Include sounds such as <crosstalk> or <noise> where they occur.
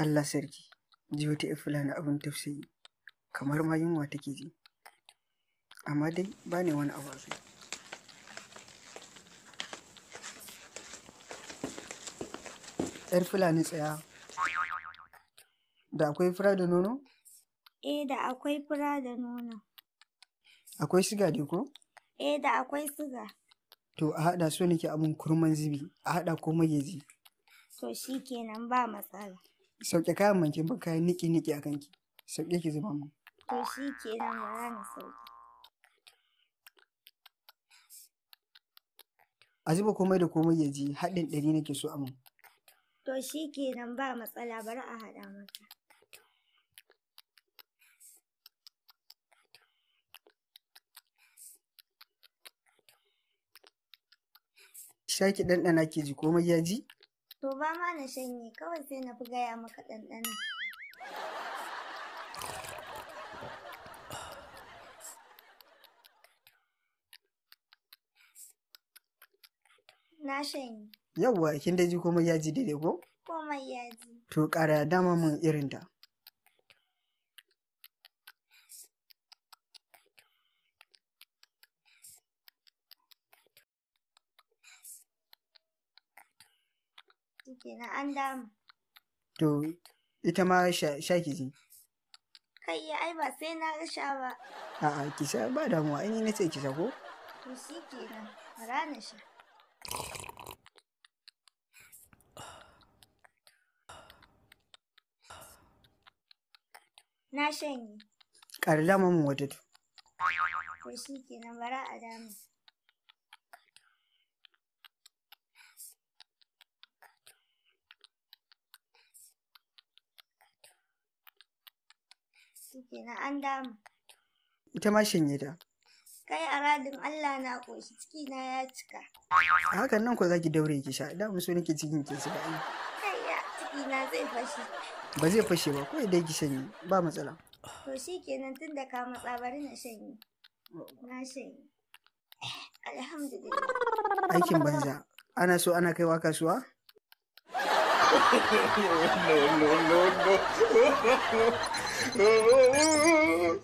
Allah sarki, ji wata fula na abin tafsiri kamar ma yunwa take ji. Amma dai ba ne wani abu sai. ‘Yar Fulani tsaya, da akwai fura da nono? Eh, da akwai fura da nono. Akwai siga dai ko? Eh, da akwai siga. To, a haɗa so nake abin kurman zibi, a haɗa ko mageji. To, shi kenan ba matsala. sauke kayan manke ba kayan niki niki a kanki sauke ki zuba mu to shi ke nan mara na sauke a zuba komai da komai ya ji haɗin ɗari nake so amin to shi ke nan ba matsala bari a haɗa maka shaki ɗanɗana ke ji komai ya ji To ba ma na shanye kawai sai na fi gaya maka ɗanɗana. Na shanye. Yawwa, kin da ji komai ya ji daidai ko? Komai ya ji. To ƙara dama mun irin ta. kenan an dama to ita ma sha ki ji kai ya ai ba sai na sha ba a'a ki sha ba damuwa in na ce ki sha ko to shi kenan bara na sha Na shanye. Ƙarla mamu wata to. To shi kenan bara a dama. shi kenan an dama. Ita ma shanye ta. Kai a radin Allah na ƙoshi ciki na ya cika. A hakan nan ko za ki daure ki sha, da so nake cikin ki su Kai ya ciki na zai fashe. Ba zai fashe ba, kawai dai ki shanye, ba matsala. To shi kenan tun da ka matsa bari na shanye. Na shanye. Alhamdulillah. Aikin banza, ana so ana kaiwa kasuwa? <laughs> no, no, no, no. Uh, <laughs> uh, uh, uh.